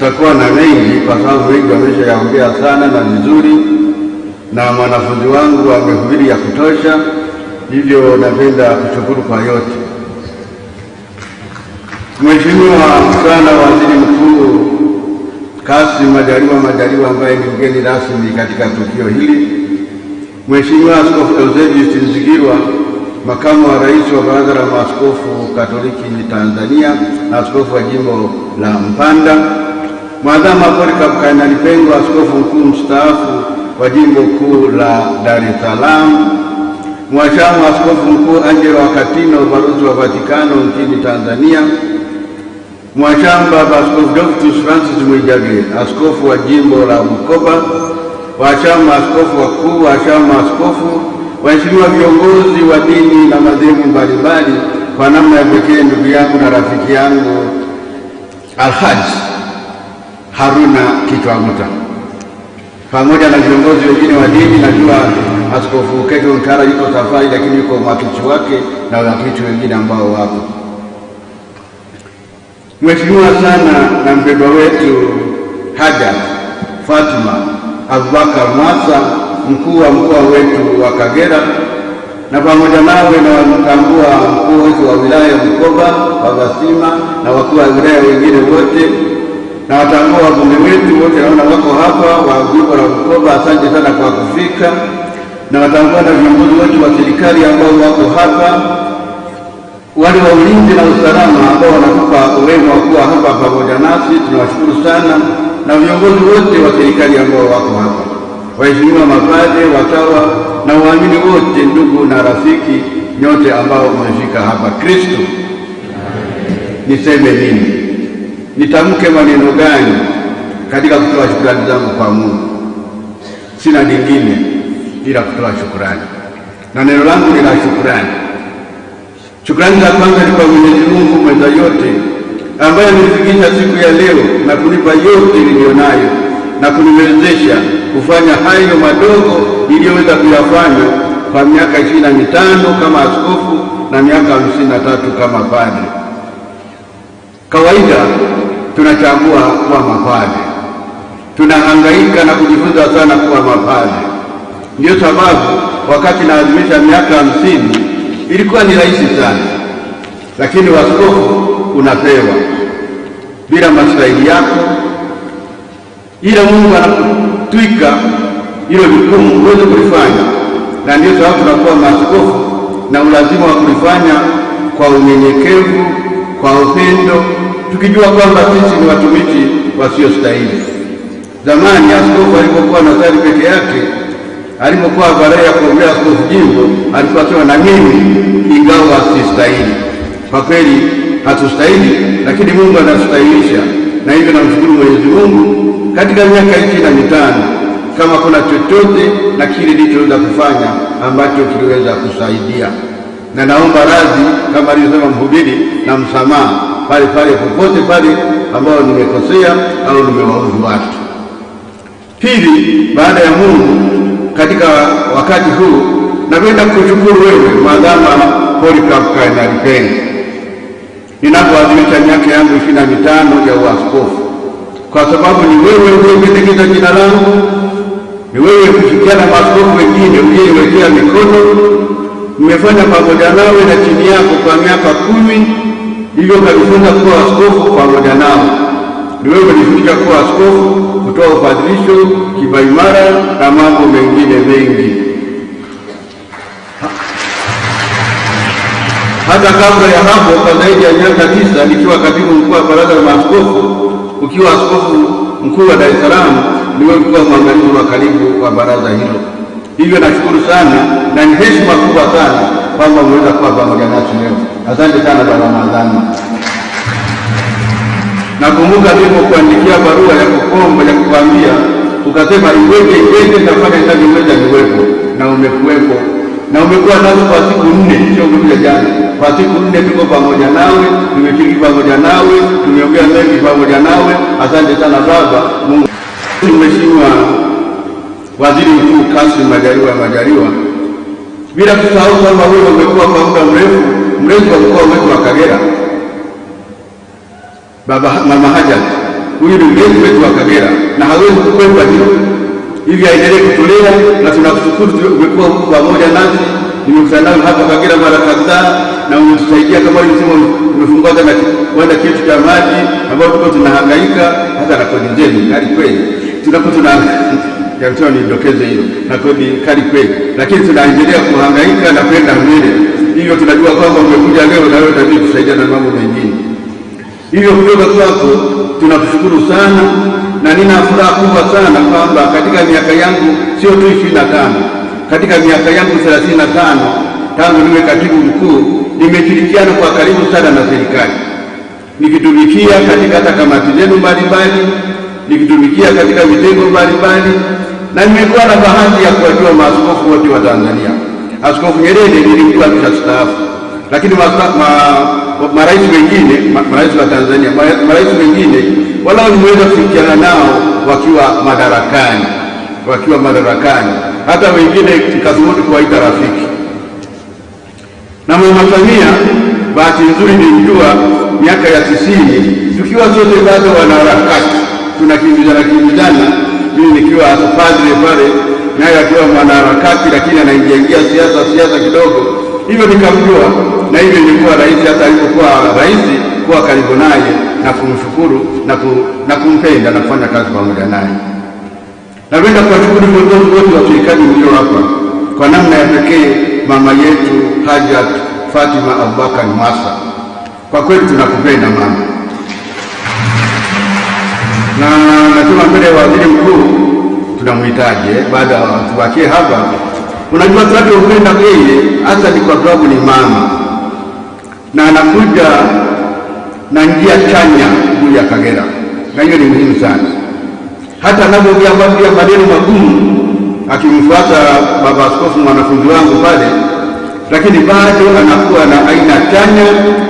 tutakuwa na mengi, kwa sababu wengi yaongea sana na vizuri, na mwanafunzi wangu amehubiri ya kutosha, hivyo napenda kushukuru kwa yote. Mheshimiwa sana Waziri Mkuu Kassim Majaliwa Majaliwa ambaye ni mgeni rasmi katika tukio hili, Mheshimiwa Askofu Eusebius Nzigilwa makamu wa rais wa Baraza la Maaskofu Katoliki Tanzania, askofu wa jimbo la Mpanda. Mwadhama Polycarp Kardinali Pengo, askofu mkuu mstaafu wa jimbo kuu la Dar es Salaam, mwashamu askofu mkuu Angelo Wakatino, ubalozi wa Vatikano nchini Tanzania, mwashamu baba askofu Dr. Francis Mwijage, askofu wa jimbo la Bukoba, washamu maaskofu wakuu, washamu maaskofu, waheshimiwa viongozi wa dini na madhehebu mbalimbali, kwa namna ya pekee ndugu yangu na rafiki yangu Alhaji Haruna Kitwaguta pamoja na viongozi wengine wa dini. Najua Askofu Kevin Kara yuko safari, lakini yuko mwakilishi wake na wakilishi wengine ambao wapo. Mheshimiwa sana na mpendwa wetu Haja fatima Abubakar Mwasa, mkuu wa mkoa wetu wa Kagera, na pamoja nawe na mkuu wetu wa wilaya Bukoba Baba Sima na wakuu wa wilaya wengine wote na watambua wabunge wetu wote naona wako hapa wa jimbo la Bukoba, asante sana kwa kufika, na watambua na viongozi wetu wa serikali ambao wako hapa, wale wa ulinzi na usalama ambao wanatupa urembo wa kuwa hapa pamoja nasi, tunawashukuru sana, na viongozi wote wa serikali ambao wako hapa, waheshimiwa mapadre, watawa na waamini wote, ndugu na rafiki, nyote ambao mmefika hapa. Kristo, niseme nini? nitamke maneno gani katika kutoa shukrani zangu kwa Mungu? Sina lingine ila kutoa shukrani, na neno langu ni la shukrani. Shukrani za kwanza ni kwa Mwenyezi Mungu mweza yote, ambaye amenifikisha siku ya leo na kunipa yote niliyonayo na kuniwezesha kufanya hayo madogo niliyoweza kuyafanya kwa miaka ishirini na mitano kama askofu na miaka hamsini na tatu kama padre. Kawaida tunajitambua kuwa mapadre, tunahangaika na kujifunza sana kuwa mapadre. Ndiyo sababu wakati naadhimisha miaka hamsini ilikuwa ni rahisi sana, lakini waskofu unapewa bila maslahi yako, ila Mungu anakutwika hilo jukumu, uweze kulifanya, na ndiyo sababu tunakuwa maskofu na ulazima wa kulifanya kwa unyenyekevu, kwa upendo tukijua kwamba sisi ni watumishi wasiostahili. Zamani askofu alipokuwa nasari peke yake, alipokuwa baraa ya kuombea askofu jimbo, alikuwa asema na mimi ingawa sistahili. Kwa kweli hatustahili, lakini Mungu anastahilisha, na hivyo namshukuru Mwenyezi Mungu katika miaka ishirini na mitano kama kuna chochote na kile nilichoweza kufanya ambacho kiliweza kusaidia, na naomba radhi kama alivyosema mhubiri na msamaha pale pale popote pale ambao nimekosea au nimewaudhi watu. Pili, baada ya Mungu katika wakati huu napenda kushukuru wewe Mwadhama Polycarp Kardinali Peni ninapoadhimisha miaka yangu ishirini na mitano ya uaskofu, kwa sababu ni wewe uliyependekiza jina langu, ni wewe kushirikiana na maaskofu wengine uliyewekea mikono, mmefanya pamoja nawe na chini yako kwa miaka kumi hivyo ukajifunza kuwa askofu pamoja nao. Ndiwe umejifundisha kuwa askofu, kutoa upadrisho, kipaimara na mambo mengine mengi. Hata kabla ya hapo, kwa zaidi ya miaka tisa, nikiwa katibu mkuu wa baraza la maaskofu, ukiwa askofu mkuu wa Dar es Salaam, ndiwe ulikuwa mwangalizi wa karibu wa baraza hilo. Hivyo nashukuru sana na ni heshima kubwa sana kwamba umeweza kuwa pamoja nasi leo. Asante sana Bwana Ramadhani. Nakumbuka kuandikia barua ya kukomba ya kukwambia, ukasema iweje iweje, nitafanya nitavyoweza niwepo, na umekuwepo na umekuwa nao kwa siku nne, sio kuja jana. Kwa siku nne tuko pamoja nawe, tumefiki pamoja nawe, tumeongea mengi pamoja nawe. Asante sana Baba Mungu. Mheshimiwa Waziri Mkuu Kassim Majaliwa Majaliwa bila kusahau kwamba huyo umekuwa kwa muda mrefu mrefu wa mkoa wetu wa Kagera, baba mama Haja, huyu ni mrefu wetu wa Kagera na hawezi kukwepa hilo, hivi aendelee kutolea na tunakushukuru, umekuwa huku pamoja nasi. Nimekutana hapa Kagera mara kadhaa na umetusaidia kama ulisema, umefungua na kiwanda chetu cha maji ambao tuko tunahangaika hata na kodi njeni, hali kweli tunapo tuna yalitaka nidokeze hiyo na kodi kali kweli, lakini tunaendelea kuhangaika na kwenda mbele. Hivyo tunajua kwamba umekuja leo na wewe tabii tusaidia na mambo mengine. Hivyo kutoka kwako tunakushukuru sana, na nina furaha kubwa sana kwamba katika miaka yangu sio tu ishirini na tano katika miaka yangu thelathini na tano tangu niwe katibu mkuu nimeshirikiana kwa karibu sana na serikali nikitumikia katika hata kamati zenu mbalimbali nikitumikia katika vitengo mbalimbali na nilikuwa na bahati ya kuwajua maaskofu wote wa Tanzania. Askofu Nyerere nilikuwa kishastaafu, lakini marais wengine, marais wa Tanzania, marais wengine walao nimeweza kufikiana nao wakiwa madarakani, wakiwa madarakani, hata wengine nikathubutu kuwaita rafiki. Na Mama Samia bahati nzuri nilijua miaka ya tisini, tukiwa sote bado wanaharakati, tunakimbizana kimbizana mimi nikiwa padri pale, naye akiwa mwanaharakati, lakini anaingiaingia siasa siasa kidogo hivyo, nikamjua na hivyo nilikuwa rais. Hata alipokuwa rais, kuwa karibu naye na kumshukuru na, ku, na kumpenda na kufanya kazi pamoja naye. Napenda kuwashukuru viongozi wote wa serikali mlio hapa, kwa namna ya pekee mama yetu Hajat Fatima Abubakar Mwasa, kwa kweli tunakupenda mama na nasema mbele ya waziri mkuu tunamhitaji, eh, baada ya tubakie hapa. Unajua tunavyompenda yeye hasa ni kwa sababu ni mama na anakuja na njia chanya juu ya Kagera, na hiyo ni muhimu sana. Hata anavyoambia maneno magumu, akimfuata baba askofu mwanafunzi wangu pale lakini bado anakuwa na aina chanya,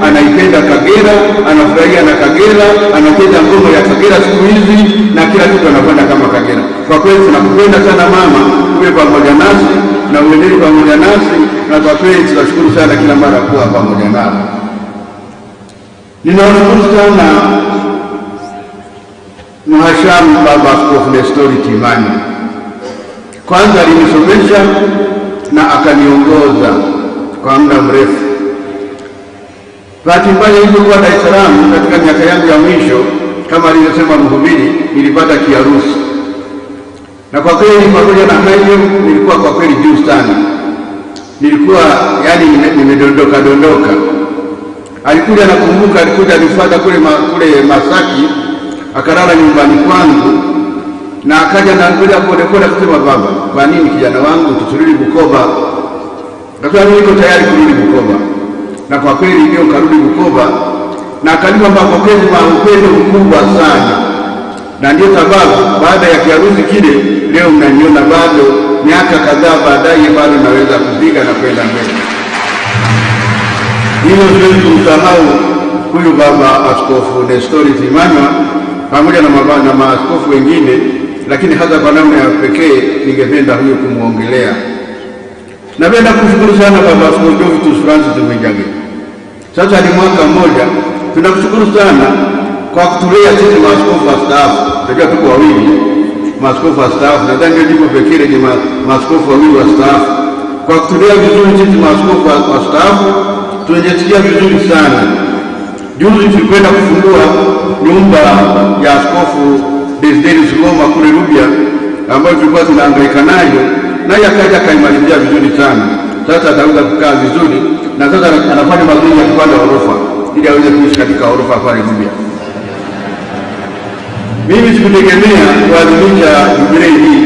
anaipenda Kagera, anafurahia na Kagera, anapenda ngoma ya Kagera siku hizi na kila kitu anakwenda kama Kagera. Kwa kweli tunakupenda sana mama, uwe pamoja nasi na uendelee pamoja nasi, na kwa kweli tunashukuru sana kila mara kuwa pamoja nao. Ninawashukuru sana Mhashamu Baba Askofu Nestori Kimani, kwanza alinisomesha na akaniongoza kwa muda mrefu. Bahati mbaya ilivyokuwa Dar es Salaam katika miaka yangu ya mwisho, kama alivyosema mhubiri, nilipata kiharusi, na kwa kweli pamoja na hayo nilikuwa kwa kweli juu sana, nilikuwa yani nimedondoka dondoka. Alikuja nakumbuka, alikuja alifuata kule, ma, kule Masaki akalala nyumbani kwangu na akaja naangalia polepole akasema, baba, kwa nini kijana wangu tusirudi Bukoba Akasema niko tayari kurudi Bukoba, na kwa kweli ndio karudi Bukoba na akalipa mapokezi ma upendo mkubwa sana, na ndio sababu baada ya kiharusi kile leo mnaniona bado miaka kadhaa baadaye bado naweza kupiga na kwenda mbele. Hilo siwezi kumsahau huyu baba Askofu Nestori zimana pamoja na, na maaskofu wengine, lakini hasa kwa namna ya pekee ningependa huyu kumwongelea Napenda kushukuru sana Baba Askofu Jovitus Francis Mwijage. Sasa ni mwaka mmoja, tunakushukuru sana kwa kutulea sisi maaskofu wastaafu. Najua tuko wawili maaskofu wastaafu, nadhani ndio jimbo pekee lenye maaskofu wawili wastaafu. Kwa kutulea vizuri sisi maaskofu wastaafu, tunajisikia vizuri sana. Juzi tulikwenda kufungua nyumba ya Askofu Desiderius Ng'oma kule Rubya, ambayo tulikuwa tunaangaika nayo naye akaja akaimalizia vizuri sana. Sasa ataweza kukaa vizuri, na sasa anafanya mazuri ya kupanda orofa ili aweze kuishi katika orofa pale Jumia. Mimi sikutegemea kuadhimisha jubilei hii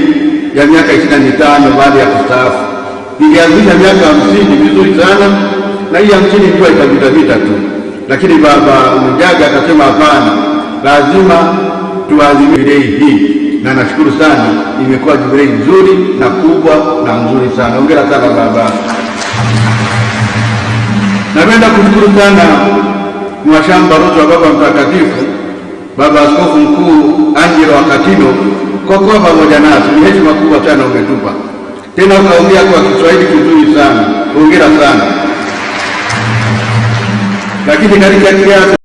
ya miaka ishirini na mitano baada ya kustaafu. Nilianzisha miaka hamsini vizuri sana, na hii hamsini ilikuwa itavitavita tu, lakini Baba Mwijaga akasema hapana, lazima tuadhimishe jubilei hii na nashukuru sana, imekuwa jubilei nzuri na kubwa na nzuri sana. Hongera sana baba. Napenda kushukuru sana mwashamba rozo wa Baba Mtakatifu, Baba Askofu Mkuu Angelo wa Katino kwa kuwa pamoja nasi. Ni heshima kubwa sana umetupa, tena ukaongea kwa Kiswahili kizuri sana. Hongera sana lakini katika kiasi